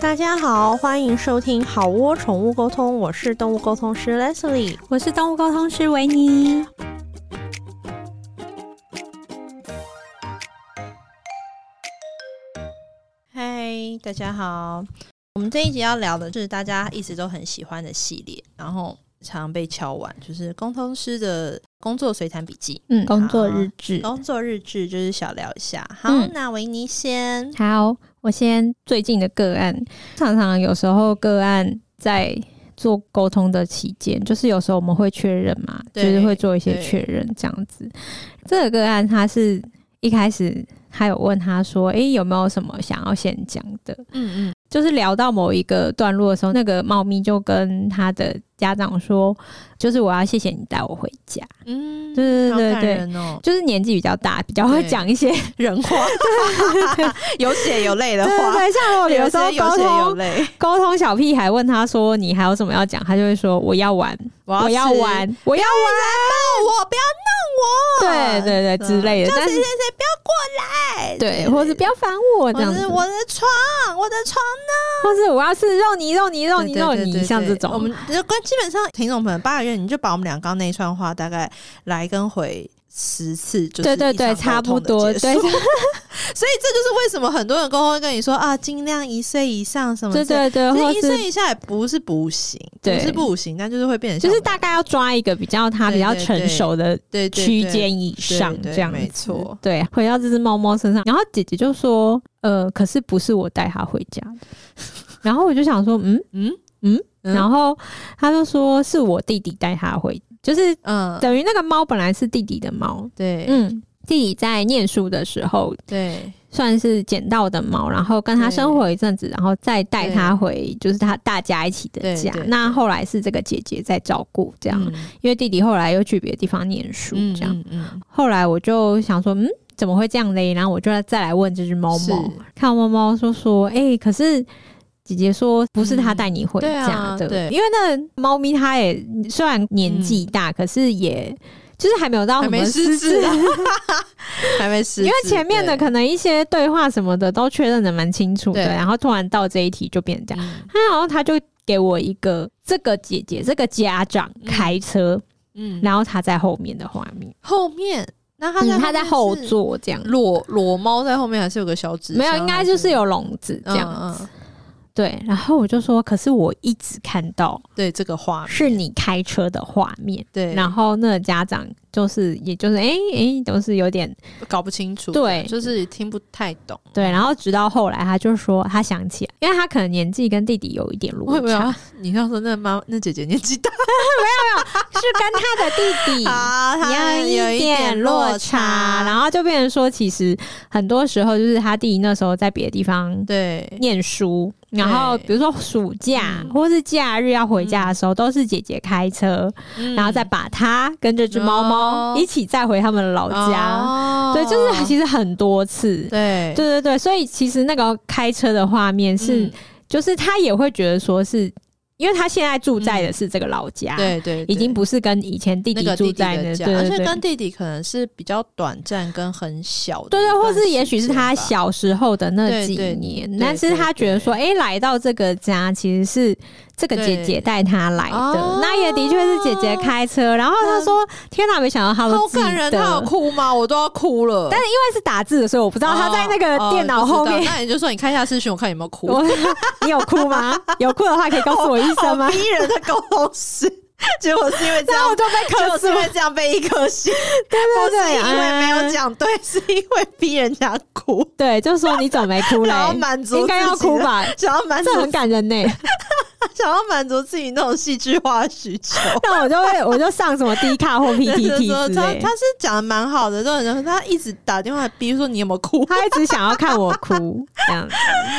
大家好，歡迎收聽好窩寵物溝通，我是動物溝通師 Leslie，我是動物溝通師維尼。嗨，大家好，我們這一集要聊的就是大家一直都很喜歡的系列，然後常被敲碗，就是溝通師的工作隨談筆記，嗯，好工作日誌，工作日誌就是小聊一下。好，嗯，那維尼先，好。我先最近的個案，常常有時候個案在做溝通的期間，就是有時候我們會確認嘛，對就是會做一些確認這樣子。對這個個案他是一開始。還有問他說：“哎，有沒有什麼想要先講的？”嗯嗯，就是聊到某一個段落的時候，那個貓咪就跟他的家長說：“就是我要謝謝你帶我回家。”嗯，對對對，就是年紀比較大，比較會講一些人話，有血有淚的話。對，像有時候溝通溝通小屁孩問他說：“你還有什麼要講？”他就會說：“我要玩，我要玩，我要玩，抱我，不要弄我。”對對對，之類的。誰誰誰不要過來！對，或者是不要煩我這樣子，對對對對，我，是我的床，我的床呢、啊？或是我要是肉泥肉泥肉泥肉泥，對對對對對，像這種。我們就基本上聽眾朋友八個月，你就把我們倆剛那一串話大概來跟回。十次就是一對對對，差不多對，多。 所以這就是為什麼很多人溝通跟你說啊，盡量一歲以上什麼，對對對，一歲以下也不是不行，不是不行，對但就是會變成，就是大概要抓一個比較它比較成熟的對區間以上這樣對對對對對對對，沒錯，對。回到這只貓貓身上，然後姐姐就說，呃，可是不是我帶它回家， 然後我就想說，嗯嗯嗯，嗯嗯，然後他就說是我弟弟帶他回家。就是，嗯，等於那個貓本來是弟弟的貓，嗯、對，嗯，弟弟在念書的時候，對，算是撿到的貓，然後跟他生活一陣子，對然後再帶他回，就是他大家一起的家。對對對，那後來是這個姐姐在照顧，這樣，對對對，因為弟弟後來又去別的地方念書，這樣，嗯，後來我就想說，嗯，怎麼會這樣嘞？然後我就要再來問這隻貓貓，是看貓貓說說，哎、欸，可是。姐姐說：“不是她帶你回家的，嗯對，啊、對，因為那貓咪它也雖然年紀大，嗯、可是也就是還沒有到什麼失智，還沒失智的啊哈哈，還沒失智。因為前面的可能一些對話什麼的都確認的蠻清楚的，對然後突然到這一題就變這樣。然後、嗯、他，他就給我一個這個姐姐這個家長開車，嗯，然後他在後面的畫面，後面，然後、嗯、他在後座這樣，裸裸貓在後面還是有個小紙，沒有，應該就是有籠子這樣子嗯。嗯對，然後我就說，可是我一直看到對這個畫面是你開車的畫面。對，然後那個家長就是，也就是哎哎、欸欸，都是有點搞不清楚，對，就是聽不太懂。對，然後直到後來，他就說他想起來，因為他可能年紀跟弟弟有一點落差。沒有，你剛說那媽那姐姐年紀大， 沒有沒有，是跟他的弟弟，好他有一點落差。落差，然後就變成說，其實很多時候就是他弟弟那時候在別的地方對念書。然後，比如說暑假或是假日要回家的時候，都是姐姐開車，嗯、然後再把她跟這隻貓貓一起載回他們的老家。哦、對，就是其實很多次，對，對對對。所以其實那個開車的畫面是，嗯、就是他也會覺得說是。因為他現在住在的是這個老家，對對，已經不是跟以前弟弟住在的家，而且跟弟弟可能是比較短暫跟很小，對對，或是也許是他小時候的那幾年。但是他覺得說，哎，來到這個家其實是這個姐姐帶他來的，那也的確是姐姐開車。然後他說：“天哪，沒想到他都記得，他有哭嗎？我都要哭了。”但是因為是打字的，所以我不知道他在那個電腦後面。那你就說你看一下視訊，我看有沒有哭，你有哭嗎？有哭的話可以告訴我一下。什麼逼人的溝通時，結 果是因為這樣，這樣我就被了，就是因為這樣被一顆心，對不對，對？因為沒有講對，啊、是因為逼人家哭。對，就是說你怎麼沒哭咧滿 足，應該要哭吧？只要滿足，很感人呢、欸。 他想要滿足自己那種戲劇化需求， 那我就會我就上什麼 Dcard 或 PTT 之類的， 他他是講的蠻好的，這種人他一直打電話，比如說你有沒有哭？他一直想要看我哭， 這樣子。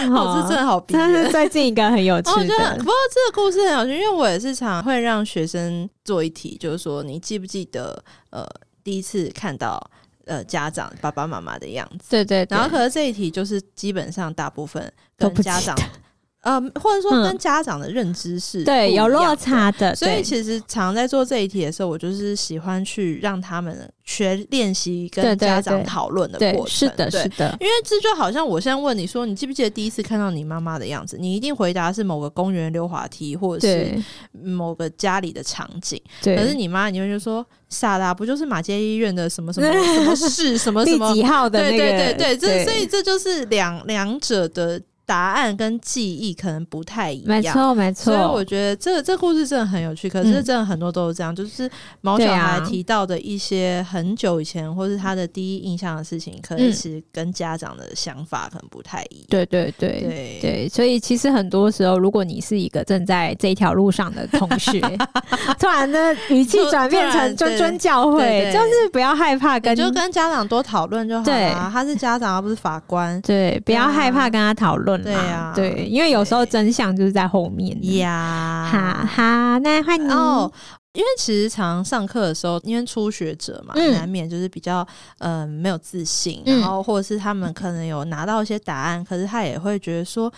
故事，哦哦、真的好逼，但是最近一個很有趣的。 我覺得不過這個故事很有趣，因為我也是常會讓學生做一題，就是說你記不記得呃第一次看到呃家長爸爸媽媽的樣子？對，對對。然後可是這一題就是基本上大部分跟家長都不。呃，或者說跟家長的認知是、嗯、對有落差的，所以其實常在做這一題的時候，我就是喜歡去讓他們學練習跟家長討論的過程，對對對對，是的是的，是的，因為這就好像我現在問你說，你記不記得第一次看到你媽媽的樣子？你一定回答是某個公園溜滑梯，或者是某個家裡的場景。對可是你媽，你會就說傻啦，拉不就是馬偕醫院的什麼什麼什麼事 什麼什麼 幾號的、那個、對，對對對，這對所以這就是兩兩者的。答案跟記憶可能不太一樣，沒錯，沒錯。所以我覺得這個這故事真的很有趣，可是真的很多都是這樣，嗯、就是毛小孩提到的一些很久以前或是他的第一印象的事情，嗯、可能是跟家長的想法可能不太一樣。嗯、對對對對對，所以其實很多時候，如果你是一個正在這條路上的同學， 突然的語氣轉變成諄諄教誨，就是不要害怕跟，跟就跟家長多討論就好了。對他是家長而不是法官，對，不要害怕跟他討論。對呀，對，因為有時候真相就是在後面呀。哈哈，那歡迎哦。因為其實常上課的時候，因為初學者嘛，難免就是比較嗯沒有自信，然後或者是他們可能有拿到一些答案，可是他也會覺得說：“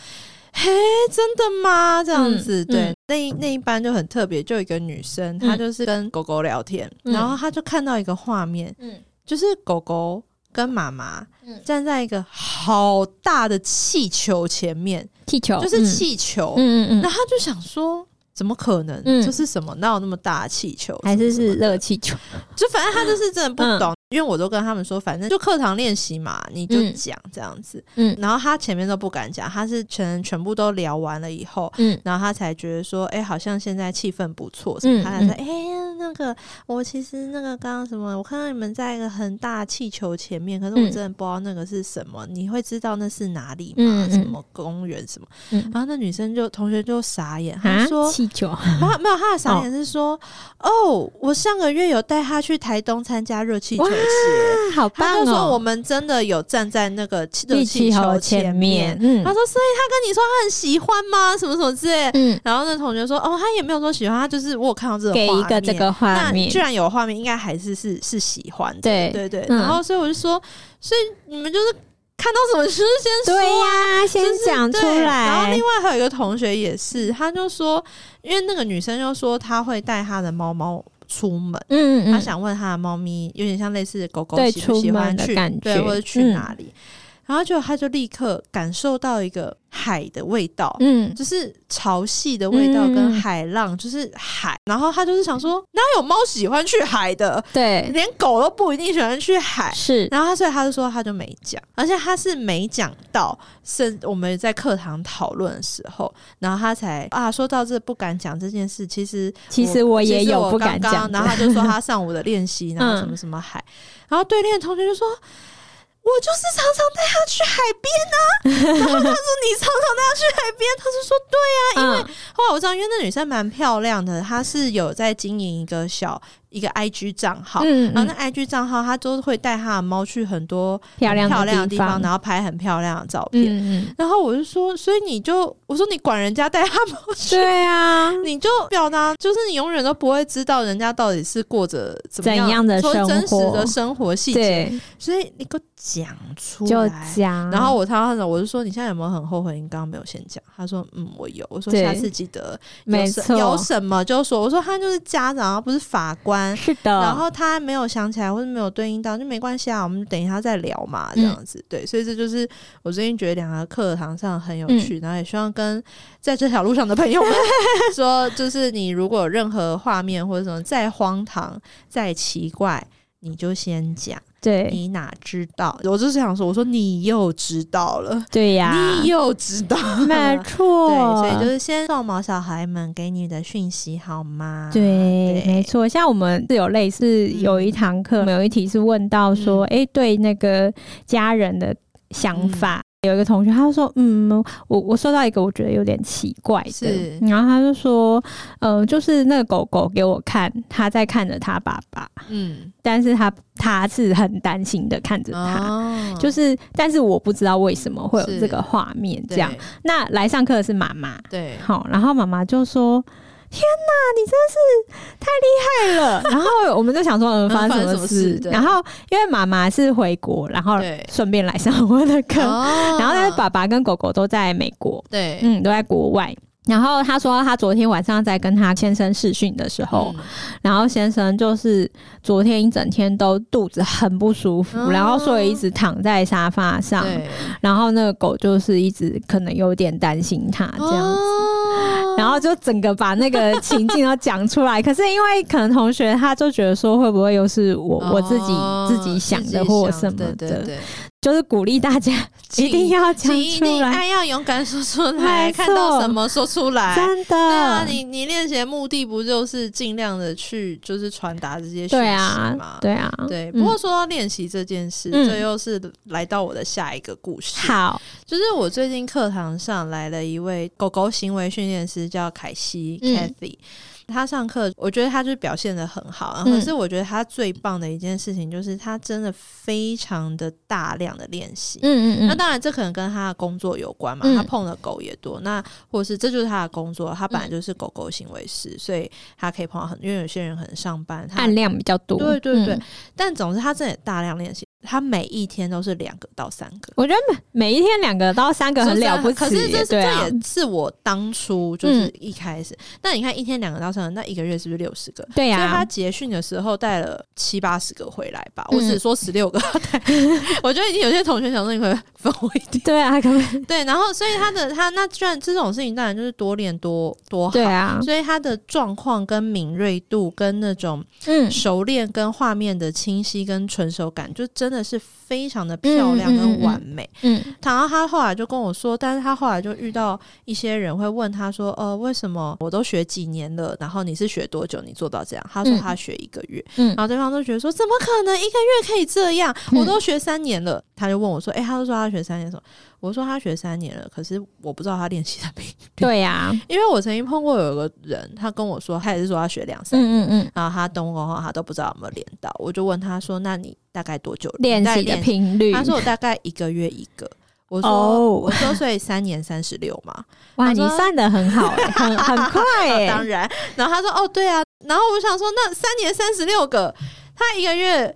嘿，真的嗎？”這樣子。對，那那一班就很特別，就有一個女生，她就是跟狗狗聊天，然後她就看到一個畫面，嗯，就是狗狗跟媽媽。站在一個好大的氣球前面，氣球就是氣球。嗯嗯，那他就想說，怎麼可能？就是什麼，哪有那麼大氣球？還是是熱氣球？就反正他就是真的不懂。因為我都跟他們說，反正就課堂練習嘛，你就講這樣子。嗯，然後他前面都不敢講，他是全全部都聊完了以後，嗯，然後他才覺得說，哎，好像現在氣氛不錯。嗯，他才說，哎。那個，我其實那個剛剛什麼，我看到你們在一個很大氣球前面，可是我真的不知道那個是什麼。你會知道那是哪裡嗎？什麼公園什麼？然後那女生就同學就傻眼，說氣球啊，沒有，她的傻眼是說，哦，我上個月有帶她去台東參加熱氣球節，哇，好棒哦，就說我們真的有站在那個熱氣球前面，嗯，她說，所以他跟你說他很喜歡嗎？什麼什麼之類，嗯，然後那同學說，哦，他也沒有說喜歡，他就是我有看到這個畫面給一個這個。那居然有畫面，面應該還是是是喜歡的，對，對對對。嗯、然後，所以我就說，所以你們就是看到什麼事先說，啊、對呀，啊，先講出來。然後，另外還有一個同學也是，他就說，因為那個女生就說她會帶她的貓貓出門，嗯，嗯她想問她的貓咪，有點像類似的狗狗喜不喜歡去，對，對，或者去哪裡。嗯然後就他就立刻感受到一個海的味道，嗯，就是潮汐的味道跟海浪，嗯、就是海。然後他就是想說，哪有貓喜歡去海的？對，連狗都不一定喜歡去海。是，然後他所以他就說他就沒講，而且他是沒講到。是我們在課堂討論的時候，然後他才啊，說到這不敢講這件事。其實其實我也有不敢講。然後他就說他上午的練習，然後什麼什麼海。嗯、然後對練同學就說。我就是常常帶他去海邊啊，然後他說你常常帶他去海邊，他就說對啊，因為後來我知道，因為那女生蠻漂亮的，她是有在經營一個小。一個 I G 賬號，嗯、然後那 I G 賬號，他都會帶他的貓去很多漂亮漂亮的地方，然後拍很漂亮的照片。嗯、然後我就說，所以你就我說你管人家帶他貓去，對啊，你就表達就是你永遠都不會知道人家到底是過着怎，怎樣的說真實的生活細節。對所以你給我講出來，講然後我他，我就說你現在有沒有很後悔？你剛剛沒有先講。他說嗯，我有。我說下次記得有。沒錯，有什麼就說。我說他就是家長，不是法官。是的，然後他沒有想起來或者沒有對應到，就沒關係啊，我們等一下再聊嘛，這樣子、嗯、對。所以這就是我最近覺得兩個課堂上很有趣，嗯、然後也希望跟在這條路上的朋友們說，就是你如果有任何畫面或者什麼 再荒唐再奇怪，你就先講。對你哪知道？我就是想說，我說你又知道了，對呀、啊，你又知道，沒錯。對，所以就是先送毛小孩們給你的訊息，好嗎？對，對沒錯。像我們是有類似有一堂課，我們有一題是問到說，哎、嗯欸，對那個家人的想法。嗯有一個同學，他就說：“嗯，我我收到一個，我覺得有點奇怪的。是然後他就說，呃，就是那個狗狗給我看，他在看着他爸爸，嗯，但是他他是很擔心的看着他，哦、就是，但是我不知道為什麼會有這個畫面是這樣。對那來上課的是媽媽，對，好，然後媽媽就說。”天哪，你真是太厲害了！ 然後我們就想說，發生什麼事？然後發生什麼事，對，然後因為媽媽是回國，然後順便來上我的課，對然後但是爸爸跟狗狗都在美國，對，嗯，都在國外。然後他說，他昨天晚上在跟他先生視訊的時候，嗯、然後先生就是昨天一整天都肚子很不舒服，哦、然後所以一直躺在沙發上。對然後那個狗就是一直可能有點擔心他這樣子。哦然後就整個把那個情境都講出來， 可是因為可能同學他就覺得說，會不會又是我、哦、我自己自己想的或什麼的？就是鼓勵大家一定要講出來，一定要勇敢說出來， 看到什麼說出來。真的，對啊，你你練習的目的不就是盡量的去就是傳達這些信息嗎？對啊，對啊，對。不過說到練習這件事，嗯，這又是來到我的下一個故事。好，就是我最近課堂上來了一位狗狗行為訓練師叫凱，叫凱西，嗯，Cathy 他上課，我覺得他就表現得很好。嗯、可是我覺得他最棒的一件事情，就是他真的非常的大量的練習。嗯嗯嗯。那當然，這可能跟他的工作有關嘛。嗯、他碰的狗也多，那或是這就是他的工作。他本來就是狗狗行為師，嗯、所以他可以碰到很，因為有些人可能上班他按量比較多，對對對。嗯、但總之，他真的也大量練習。他每一天都是兩個到三個，我覺得每每一天兩個到三個很了不起是不是，啊。可是這是，啊，這也是我當初就是一開始。嗯，那你看一天兩個到三個，那一個月是不是六十個？對呀，啊，所以他結訓的時候帶了七八十個回來吧。嗯，我只說十六個，我覺得已經有些同學想說你可以分我一點，對啊，對。然後所以他的他那雖然這種事情當然就是多練多多好對啊。所以他的狀況跟敏銳度跟那種嗯熟練跟畫面的清晰跟純熟感，就真。真的是非常的漂亮跟完美。嗯，嗯嗯，然後他後來就跟我說，但是他後來就遇到一些人會問他說：“呃，為什麼我都學幾年了，然後你是學多久，你做到這樣？”他說他學一個月，嗯、然後對方都覺得說：“怎麼可能一個月可以這樣？嗯、我都學三年了。”他就問我說：“哎、欸，他就說他學三年了，我說他學三年了，可是我不知道他練習的頻率。對呀、啊，因為我曾經碰過有一個人，他跟我說，他也是說他學兩三年，嗯嗯，嗯然後他冬冬話他都不知道有沒有練到，我就問他說：“那你大概多久練習的頻率？”他說：“我大概一個月一個。”我說：“哦、我說所以三年三十六嘛。哇”說哇，你算得很好、欸 很，很很快、欸，當然。然後他說：“哦，對啊。”然後我想說：“那三年三十六個，他一個月。”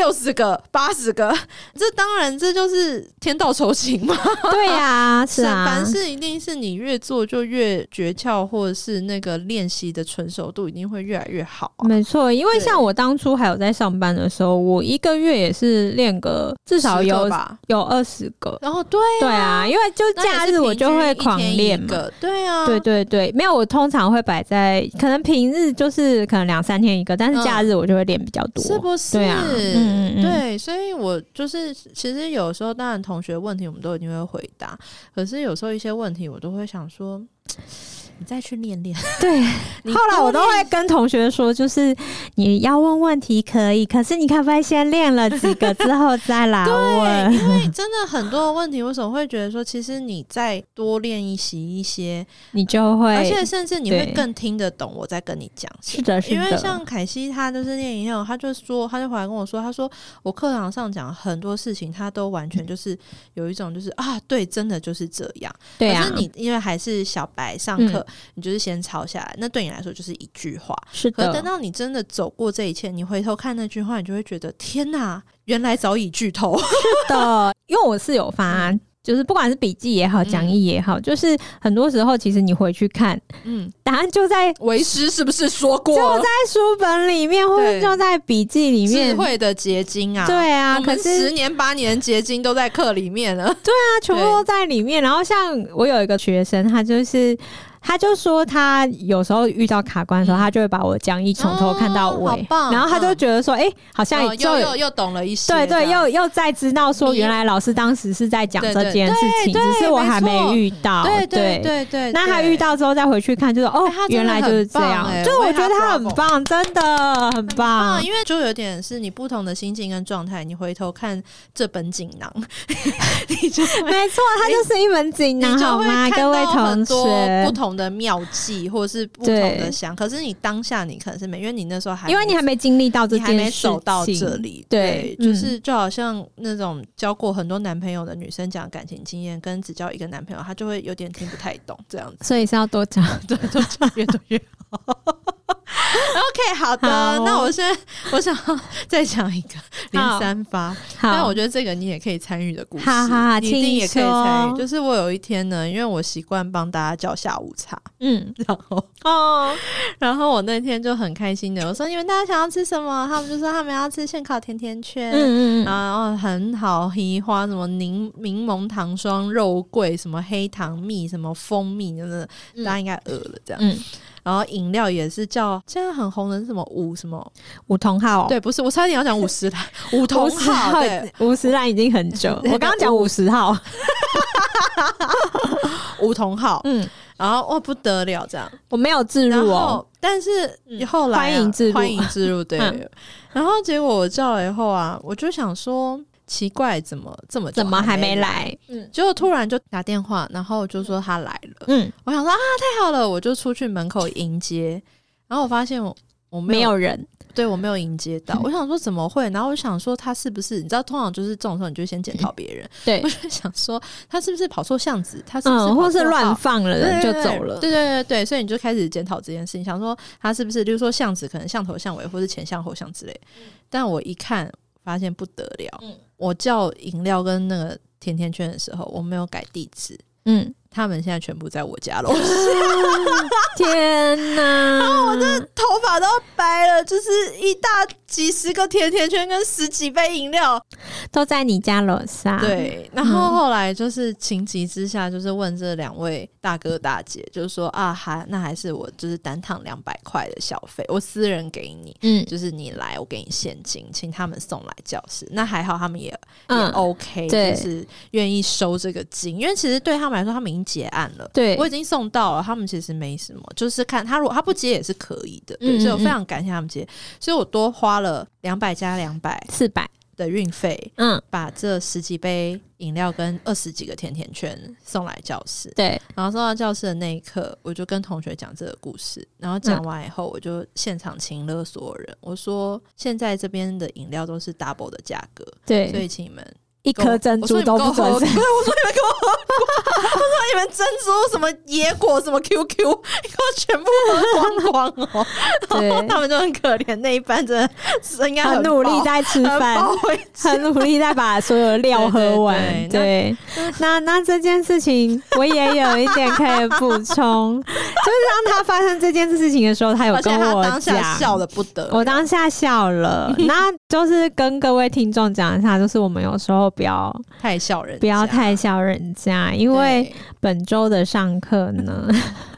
六十個、八十個，這當然這就是天道酬勤嘛。對呀，是啊，凡事一定是你越做就越訣竅，或者是那個練習的純熟度一定會越來越好啊。沒錯，因為像我當初還有在上班的時候，對我一個月也是練個至少有有二十個。個然後對啊對啊，因為就假日我就會狂練一一個對啊，對對對，沒有我通常會擺在可能平日就是可能兩三天一個，但是假日我就會練比較多，呃、是不是？對啊。嗯嗯嗯對，所以我就是其實有時候，當然同學問題我們都一定會回答，可是有時候一些問題我都會想說。你再去練練。對，你後來我都會跟同學說，就是你要問問題可以，可是你可不可以先練了幾個之後再來問？ 對，因為真的很多的問題， 我什麼會覺得說，其實你再多練習一,一些，你就會、呃，而且甚至你會更聽得懂對我在跟你講什麼。是的，是的。因為像凱西，他就是練以後，他就說，他就回來跟我說，他說我課堂上講很多事情，他都完全就是有一種就是、嗯、啊，對，真的就是這樣。對、啊、可是你因為還是小白上課。嗯你就是先抄下來，那對你來說就是一句話。是的。等到你真的走過這一切，你回頭看那句話，你就會覺得天哪，原來早已劇透。是的，因為我是有發，就是不管是筆記也好，講義也好，就是很多時候其實你回去看，嗯，答案就在為師是不是說過？就在書本裡面，或者就在筆記裡面。智慧的結晶啊！對啊，可是十年八年結晶都在課裡面了。對啊，全部都在裡面。然後像我有一個學生，他就是。他就說，他有時候遇到卡關的時候，他就會把我講義從頭看到尾，然後他就覺得說，哎，好像又又懂了一些，對對，又又再知道說，原來老師當時是在講這件事情，只是我還沒遇到，對對對，那他遇到之後再回去看，就說哦，原來就是這樣，就我覺得他很棒，真的很棒，因為就有點是你不同的心情跟狀態，你回頭看這本錦囊，你就沒錯，他就是一本錦囊好嗎？各位同學，不同。的妙計，或者是不同的想，對可是你當下你可能是沒，因為你那時候還，因為你還沒經歷到這，你還沒走到這裡，對，對嗯、就是就好像那種交過很多男朋友的女生講感情經驗，跟只交一個男朋友，他就會有點聽不太懂這樣子，所以是要多講，對，多講，越多越好。 OK，好的，好哦、那我先，我想再講一個連三發。好，那我覺得這個你也可以參與的故事，好好你一定也可以參與。說就是我有一天呢，因為我習慣幫大家叫下午茶，嗯，然後哦，然後我那天就很開心的，我說，你們大家想要吃什麼？他們就說他們要吃現烤甜甜圈，嗯嗯，然後很好，黑花什麼檸檬糖霜、肉桂，什麼黑糖蜜，什麼蜂蜜，就是、嗯、大家應該餓了這樣。嗯然後飲料也是叫現在很紅的是什麼五什麼五桐號，對，不是，我差點要講五十嵐，五桐號，對，五十嵐已經很久， 對我剛剛講五十號， 五桐號，嗯，然後哇不得了，這樣我沒有置入哦、喔，但是以、嗯、後來、啊、歡迎置入，歡迎置入，對，嗯、然後結果我叫了以後啊，我就想說。奇怪，怎麼這麼怎麼還沒來？嗯，結果突然就打電話，然後就說他來了。嗯，我想說啊，太好了，我就出去門口迎接。然後我發現我我沒有，沒有人，對我沒有迎接到。哼我想說怎麼會？然後我想說他是不是？你知道，通常就是這種時候你就先檢討別人。對，我就想說他是不是跑錯巷子？他是不是跑、嗯、或是亂放了人就走了？對對對對，所以你就開始檢討這件事情，想說他是不是就是說巷子可能巷頭巷尾，或是前巷後巷之類。嗯、但我一看發現不得了。嗯我叫飲料跟那個甜甜圈的時候，我沒有改地址。嗯。他們現在全部在我家樓下， 天哪，啊！ 然後我的頭髮都白了，就是一大幾十個甜甜圈跟十幾杯飲料都在你家樓下。對，然後後來就是情急之下，就是問這兩位大哥大姐，就是說、嗯、啊，還，那還是我就是單趟兩百塊的小費，我私人給你，嗯，就是你來，我給你現金，請他們送來教室。那還好，他們也也 OK、嗯、就是願意收這個金，因為其實對他們來說，他們。結案了，對，我已經送到了，他們其實沒什麼，就是看他，如果他不接也是可以的，對。嗯嗯嗯，所以我非常感謝他們接，所以我多花了兩百加兩百四百的運費，嗯，把這十幾杯飲料跟二十幾個甜甜圈送來教室，對，然後送到教室的那一刻，我就跟同學講這個故事，然後講完以後，嗯、我就現場請了所有人，我說現在這邊的飲料都是 double 的價格，對，所以請你們。一顆珍珠都不准吃！我說你們給我喝光，我說你們珍珠什麼野果什麼 QQ，給我全部喝光光哦！對，他們就很可憐，那一班真的是應該很努力在吃飯，很努力在把所有料喝完。對，那那這件事情我也有一點可以補充，就是當他發生這件事情的時候，他有跟我講，笑得不得了，我當下笑了。那。就是跟各位聽眾講一下，就是我們有時候不要太笑人家，不要太笑人家，對因為本周的上課呢，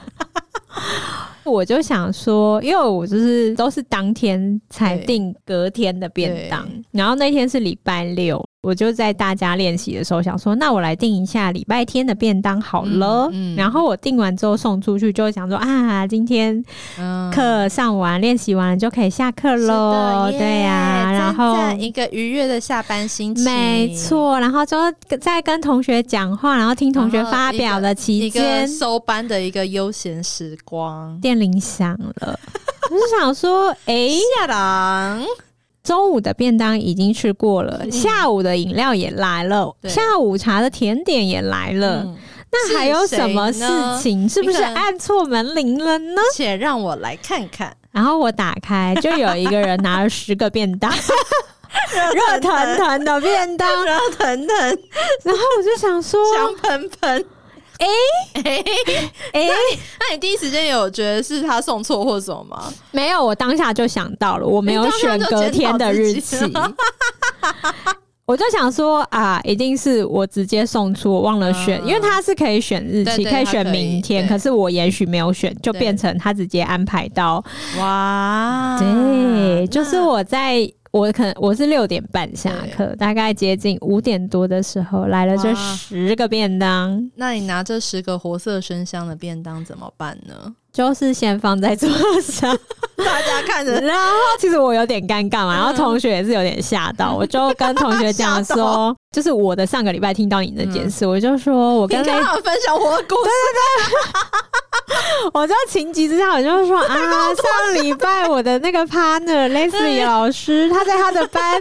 我就想說，因為我就是都是當天才訂隔天的便當，對然後那天是禮拜六。我就在大家練習的時候想說，那我來訂一下禮拜天的便當好了。嗯嗯、然後我訂完之後送出去，就會想說啊，今天課上完練習、嗯、完就可以下課嘍，對呀、啊。然後一個愉悅的下班心情，沒錯。然後就在跟同學講話，然後聽同學發表的期間，嗯、一個一個收班的一個悠閒時光。電鈴響了， 我就想說，哎、欸，下郎。中午的便當已經吃過了，嗯、下午的飲料也來了，對下午茶的甜點也來了，嗯、那還有什麼事情？是，是不是按錯門鈴了呢？且讓我來看看，然後我打開，就有一個人拿了十個便當，熱騰騰的便當，然後騰騰，然後我就想說香噴噴。哎哎哎，那你第一時間有覺得是他送錯或什麼嗎？沒有，我當下就想到了，我沒有選隔天的日期，就我就想說啊，一定是我直接送出，我忘了選，嗯、因為他是可以選日期，對對對他可以，可以選明天，對可是我也許沒有選，就變成他直接安排到。對哇，對，就是我在。我可能我是六點半下課，對大概接近五點多的時候來了，就十個便當。那你拿這十個活色生香的便當怎麼辦呢？就是先放在桌上， 大家看着， 然後其實我有點尷尬嘛，然後同學也是有點嚇到，我就跟同學講說，就是我的上個禮拜聽到你那件事，我就說我跟他們分享我的故事的，我就情急之下我就說啊，上禮拜我的那個 partner Leslie 老師，他在他的班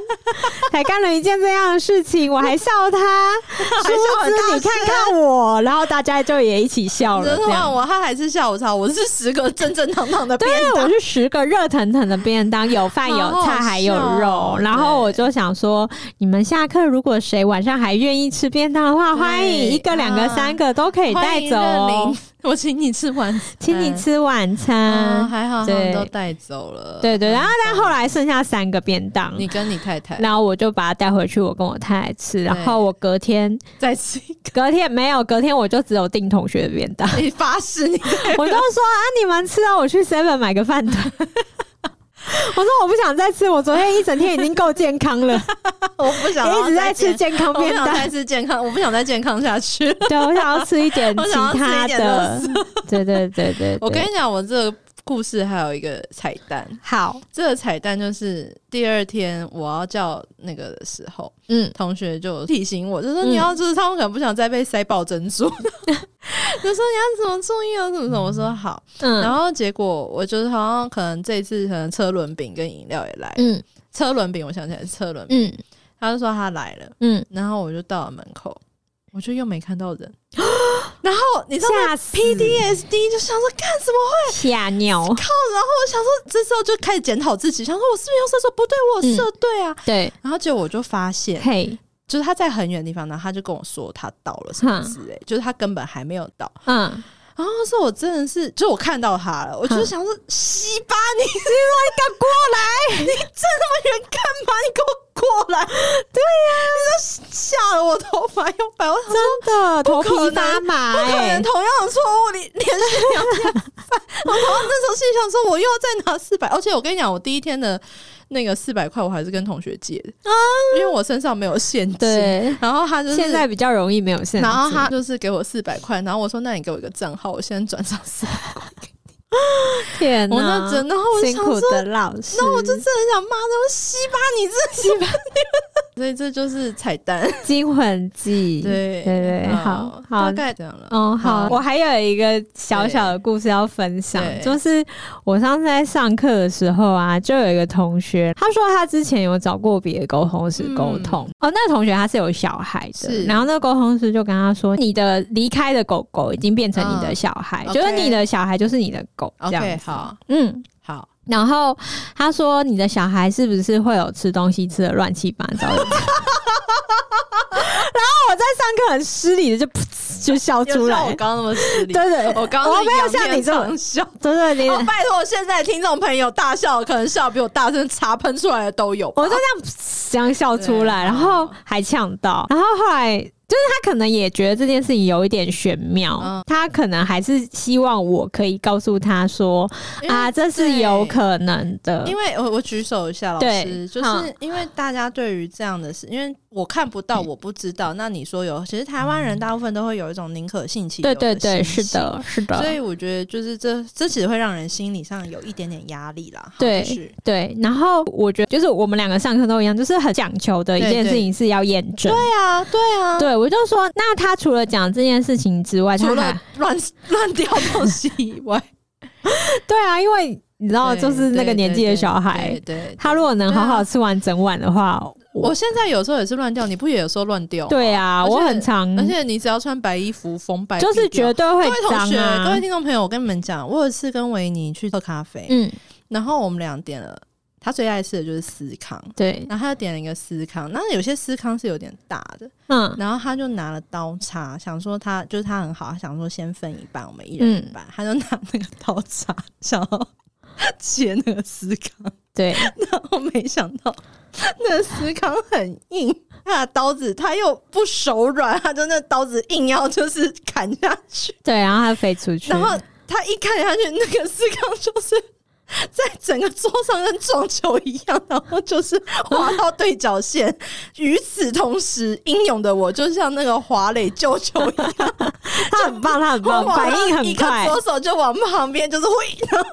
還幹了一件這樣的事情，我還笑他，說是不是你看看我？然後大家就也一起笑了，這樣我他 還是笑我，操，我是。是十個正正堂堂的便當，對，我是十個熱騰騰的便當，有飯有菜還有肉。好好笑，然後我就想說，對你們下課如果誰晚上還願意吃便當的話，對歡迎一個、嗯、兩個三個都可以帶走。我請你吃晚，請你吃晚餐。還好，嗯、對，們都帶走了，對對，然後、嗯、但後來剩下三個便當，你跟你太太，然後我就把它帶回去，我跟我太太吃，對然後我隔天再吃，隔天沒有，隔天我就只有訂同學的便當，你發誓你、那個，你。我都說啊，你們吃了、啊，我去 seven 買個飯糰。 我說我不想再吃，我昨天一整天已經夠健康了。 我不想一直在吃健康便當，不想再吃健康，我不想再健康下去。 對，我想要吃一點其他的。 對，對，對，對對對對，我跟你講，我這個。故事還有一個彩蛋，好，這個彩蛋就是第二天我要叫那個的時候，嗯，同學就提醒我，就說你要就是、嗯、他們可能不想再被塞爆珍珠， 就說你要怎麼注意啊，怎麼怎麼，我說好，嗯，然後結果我就是好像可能這一次可能車輪餅跟飲料也來了，嗯，車輪餅我想起來是車輪餅，嗯，他就說他來了，嗯，然後我就到了門口。我就又沒看到人， 然後你知道嗎？P D S D 就想說幹什麼會嚇尿，靠！然後我想說這時候就開始檢討自己，想說我是不是要射手？不對，我有射對啊。嗯、對，然後結果我就發現，嘿，就是他在很遠的地方，然後他就跟我說他到了什麼之類，嗯、就是他根本還沒有到。嗯，然後說我真的是，就我看到他了，我就想說，嗯、西巴，你你敢過來？嗯、你站那麼遠幹嘛？你給我！過來。對，啊，對呀，嚇得我頭髮又白，我真的頭皮發麻。哎，同樣的錯誤，你連續兩天。 我那時候心想說，我又要再拿四百，而且我跟你講，我第一天的那個四百塊，我還是跟同學借的，因為我身上沒有現金。然後他就是、現在比較容易沒有現金，然後他就是給我四百塊，然後我說，那你給我一個賬號，我先轉上四百塊。 天吶，oh, s 然後我想說辛苦的老師，然後我就真的很想罵他，我說，稀巴你自己 稀巴！」所以這就是彩蛋驚魂記，對對對，好，大概這樣了。嗯，好。我還有一個小小的故事要分享，就是我上次在上課的時候啊，就有一個同學，他說他之前有找過別的溝通師溝通。哦，那個同學他是有小孩的，是。然後那個溝通師就跟他說：“你的離開的狗狗已經變成你的小孩，就是你的小孩就是你的狗。”這樣子。好，嗯，好。然後他說：“你的小孩是不是會有吃東西吃的亂七八糟的？” 然後我在上課很失禮的就噗嗤，就笑出來。我剛剛那麼失禮，對對、對，我剛剛沒有像你這樣笑， 對對。我拜托，現在聽眾朋友大笑，可能笑比我大聲，茶噴出來的都有。我就這樣噗嗤這樣笑出來，然後還嗆到，然後後來。就是他可能也覺得這件事情有一點玄妙，嗯、他可能還是希望我可以告訴他說，因為啊，這是有可能的。因為我，我我舉手一下，老師，對，就是因為大家對於這樣的事，嗯、因為。我看不到，我不知道。嗯、那你說有？其實台灣人大部分都會有一種寧可信其有。對對對，是的，是的。所以我覺得就是這，這其實會讓人心理上有一點點壓力啦。對是對，然後我覺得就是我們兩個上課都一樣，就是很講求的一件事情是要驗證。對，對，對，對啊，對啊。對，我就說，那他除了講這件事情之外，除了還亂亂掉東西以外， 對啊，因為。你知道，就是那個年紀的小孩，對，他如果能好好吃完整碗的話，我現在有時候也是亂掉，你不也有時候亂掉？對啊，我很常，而且你只要穿白衣服、風白，就是絕對會髒，各位同學、各位聽眾朋友，我跟你們講，我有一次跟維尼去喝咖啡，嗯，然後我們倆點了，他最愛吃的就是司康，對，然後他又點了一個司康，那有些司康是有點大的，嗯，然後他就拿了刀叉，想說他就是他很好，想說先分一半，我們一人一半，他就拿那個刀叉，然切那個司康，對，然後沒想到那司康很硬，他的刀子他又不手軟，他就那個刀子硬要就是砍下去，對，然後他飛出去，然後他一砍下去，那個司康就是在整個桌上跟撞球一樣，然後就是滑到對角線。與 此同時，英勇的我就像那個華磊救球一樣， 他很棒，他很棒，反應很快，左手就往旁邊就是揮。然後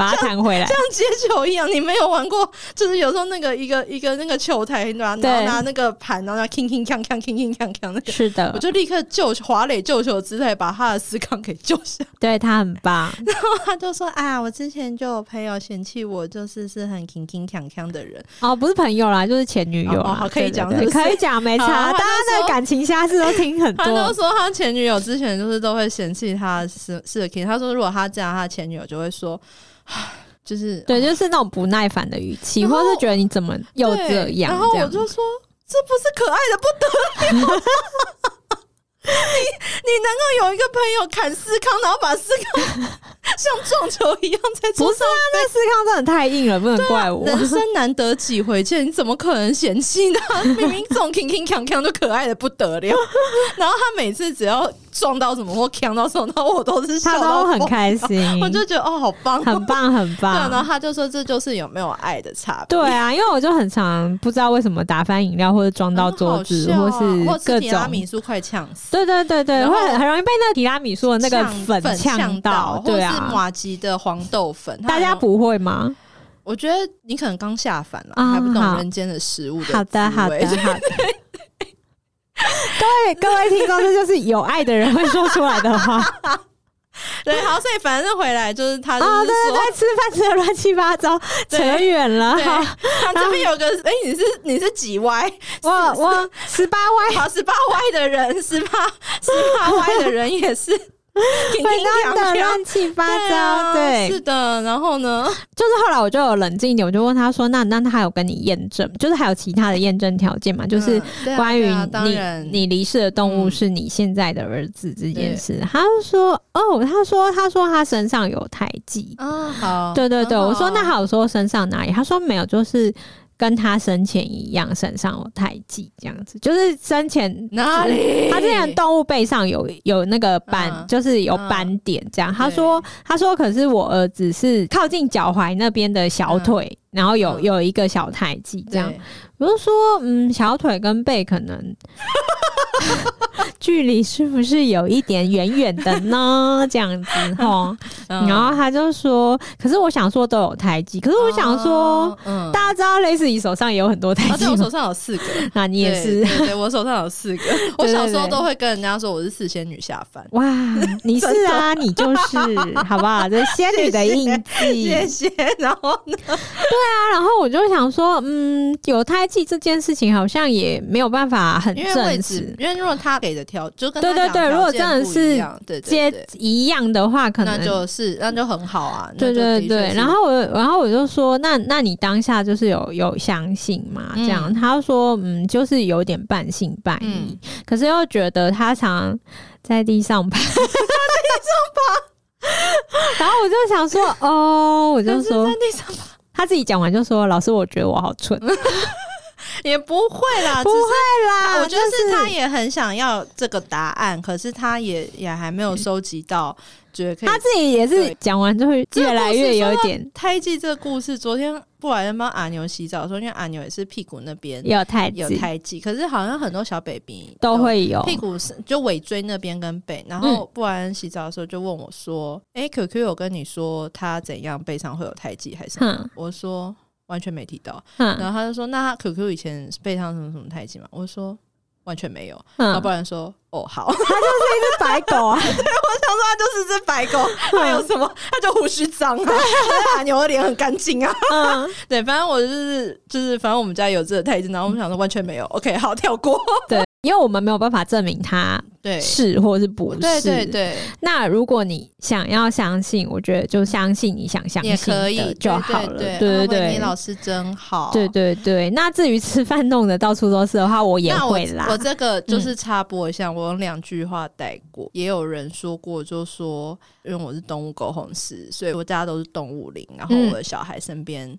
把他彈回來，像接球一樣。你沒有玩過，就是有時候那個一個一個那個球台，然後拿那個盤，然後要 king king kang kang king kang 那是的，我就立刻救滑壘救球姿態，把他的司康給救下。對，他很棒。然後他就說：“啊，我之前就有朋友嫌棄我，就是是很 king king kang kang 的人。”哦，不是朋友啦，就是前女友。哦，可以講，可以講，沒差。大家在感情下是都聽很多，都說他前女友之前就是都會嫌棄他是是的。他說，如果他這樣，他的前女友就會說。就是對，就是那種不耐煩的語氣，後或是覺得你怎麼又這樣？然後我就說，這不是可愛的不得了。 你你能夠有一個朋友砍司康，然後把司康像撞球一樣在做。不是啊，那司康真的太硬了，不能怪我。啊、人生難得幾回見，你怎麼可能嫌棄呢？ 明明這種勤勤強強都可愛的不得了。 然後他每次只要撞到什麼或扛到什麼，然後我都是笑到他都很開心，我就覺得哦，好棒，很棒，很棒，很棒。 然後他就說，這就是有沒有愛的差別。對啊，因為我就很常不知道為什麼打翻飲料或者撞到桌子，啊、或是各種提拉米蘇，快嗆死。對對對對，後會很很容易被那個提拉米蘇的那個粉嗆到，對啊，或是麻糬的黃豆粉，大家不會嗎？我覺得你可能剛下凡了，嗯、還不懂人間的食物的。好的，好的，好的。各位各位聽眾，這就是有愛的人會說出來的話。 對，好，所以反正回來就是他就是說、哦、對對對，吃飯吃的亂七八糟，對扯遠了。對，這邊有個哎、啊欸，你是你是幾 Y？哇哇十八 Y，好十八 Y 的人，十八十八 Y 的人也是。哦。反的亂七八糟， 對，啊、對，是的。然後呢，就是後來我就有冷靜一點，我就問他說：“那那他還有跟你驗證，就是還有其他的驗證條件嘛？就是關於你、嗯啊啊、你離世的動物是你現在的兒子、嗯、這件事。對”他就說：“哦，他說他說他身上有胎記啊，好，對對對，好我說那好，說身上哪裡？他說沒有，就是。”跟他生前一樣，身上有胎記，這樣子就是生前哪裡他之前動物背上有有那個斑，啊、就是有斑點這樣。啊、他說，對他說，可是我兒子是靠近腳踝那邊的小腿，啊、然後有、啊、有一個小胎記，這樣。我就對說，嗯，小腿跟背可能。 距離是不是有一點遠遠的呢？這樣子哦。Uh, 然後他就說：“可是我想說都有胎記，可是我想說，uh, 大家知道，Leslie 你手上也有很多胎記、啊，我手上有四個， 那你也是，對，對，對，我手上有四個， 我小時候都會跟人家說我是四仙女下凡。” 哇，你是啊， 你就是，好不好？這仙女的印記，謝謝，謝謝。然後呢？對啊，然後我就想說，嗯，有胎記這件事情好像也沒有辦法很正式。因為但如果他給的條，就跟他對對對，如果真的是接一樣的話，可能就是那就很好啊。對對對，對對對，然後我然後我就說，那那你當下就是有有相信嘛？這樣、嗯、他說，嗯，就是有點半信半疑，嗯、可是又覺得他常在地上爬， 在地上爬 然後我就想說，哦，我就說他自己講完就說，老師，我覺得我好蠢。 也不會啦，不會啦。我就是他也很想要這個答案，這是可是他也也還沒有收集到，嗯、覺得可以他自己也是講完就會越來越有點胎記。這個故事，昨天布萊恩幫阿牛洗澡的時候，因為阿牛也是屁股那邊有胎有胎記，可是好像很多小 baby 都會有屁股是就尾椎那邊跟背。然後不然洗澡的時候就問我說：“哎，QQ 有跟你說他怎樣背上會有胎記還是？”嗯、我說。完全沒提到，嗯、然後他就說：“那他 QQ 以前是背上什麼什麼胎記嗎？”我說：“完全沒有。嗯”然後不然說：“哦好，他就是一隻白狗啊！” 對我想說：“他就是隻白狗，還、嗯、有什麼？他就鬍鬚髒啊，嗯、他牛的臉很乾淨啊。嗯”對，反正我就是就是，反正我們家有這個胎記，然後我們想說完全沒有。OK，好，跳過。對。因為我們沒有辦法證明它是或是不是。對對對，對。那如果你想要相信，我覺得就相信你想相信的也可以就好了。對對對。你老師真好。對對對。那至於吃飯弄得到處都是的話，我也會啦我。我這個就是插播一下，我有兩句話帶過。嗯、也有人說過，就是說因為我是動物溝通師，所以我家都是動物靈，然後我的小孩身邊、嗯。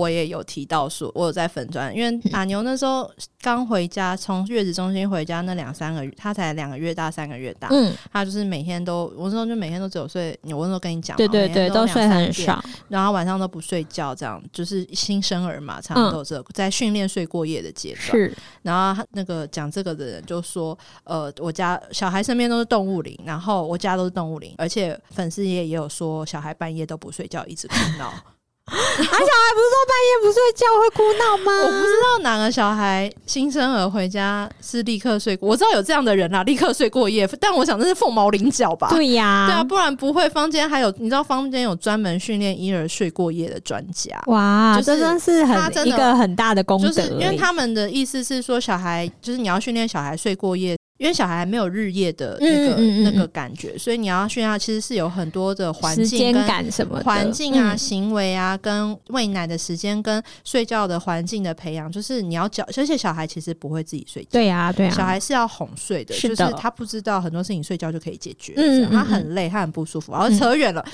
我也有提到說，我有在粉專，因為阿牛那時候剛回家，從月子中心回家那兩三個月，他才兩個月大，三個月大，嗯，他就是每天都，我那時候就每天都只有睡，我那時候跟你講，對對對，都,都睡很少，然後晚上都不睡覺，這樣就是新生兒嘛，差不多這在訓練睡過夜的階段。是、嗯，然後他那個講這個的人就說，呃，我家小孩身邊都是動物靈，然後我家都是動物靈，而且粉絲也也有說，小孩半夜都不睡覺，一直哭鬧。 還小孩不是說半夜不睡覺會哭鬧嗎？我不知道哪個小孩新生兒回家是立刻睡，我知道有這樣的人啦、啊，立刻睡過夜，但我想這是鳳毛麟角吧。對呀、啊，對啊，不然不會。坊間還有，你知道坊間有專門訓練嬰兒睡過夜的專家哇，這真的是很一個很大的功德，就是因為他們的意思是說，小孩就是你要訓練小孩睡過夜。因為小孩沒有日夜的那個那個感覺，所以你要訓練其實是有很多的環境感什麼環境啊、行為啊，跟餵奶的時間、跟睡覺的環境的培養，就是你要教。而且小孩其實不會自己睡覺，對啊，對啊，小孩是要哄睡的，就是他不知道很多事情睡覺就可以解決，他很累，他很不舒服。然後扯遠了，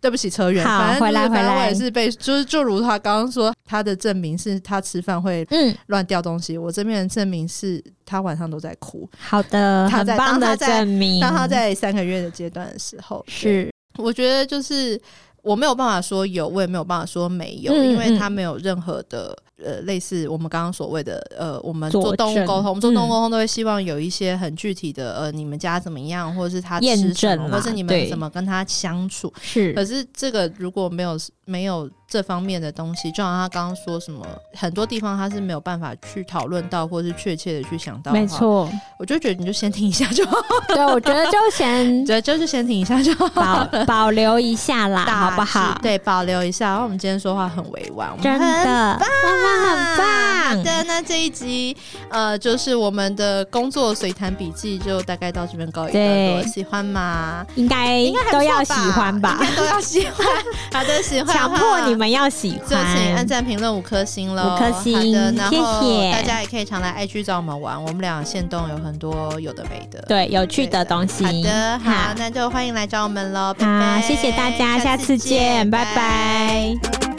對不起，扯遠了。回來回來，我也是被就是，就如他剛剛說，他的證明是他吃飯會亂掉東西，我這邊的證明是。他晚上都在哭，好的，他在很棒的證明。當他在三個月的階段的時候，是我覺得就是我沒有辦法說有，我也沒有辦法說沒有，嗯嗯，因為他沒有任何的。呃，類似我們剛剛所謂的，呃，我們做動物溝通，我們做動物溝通，嗯，都會希望有一些很具體的，呃，你們家怎麼樣，或者是他吃什麼，或是你們怎麼跟他相處。是，可是這個如果沒有沒有這方面的東西，就好像他剛剛說什麼，很多地方他是沒有辦法去討論到，或是確切的去想到。沒錯，我就覺得你就先停一下就好，好。對我覺得就先，對，就是先停一下就好保。保留一下啦，好不好？對，保留一下。然後我們今天說話很委婉，我真的。很棒的，那這一集，呃，就是我們的工作隨談筆記就大概到這邊告一段落，喜歡嗎？應該應該都要喜歡吧，都要喜歡。好的，喜歡，強迫你們要喜歡，就請按讚、評論五顆星了，五顆星，謝大家也可以常來愛 g 找我們玩，我們倆現動有很多有的沒的，對，有趣的東西。好的，好，那就歡迎來找我們嘍。好，謝謝大家，下次見，拜拜。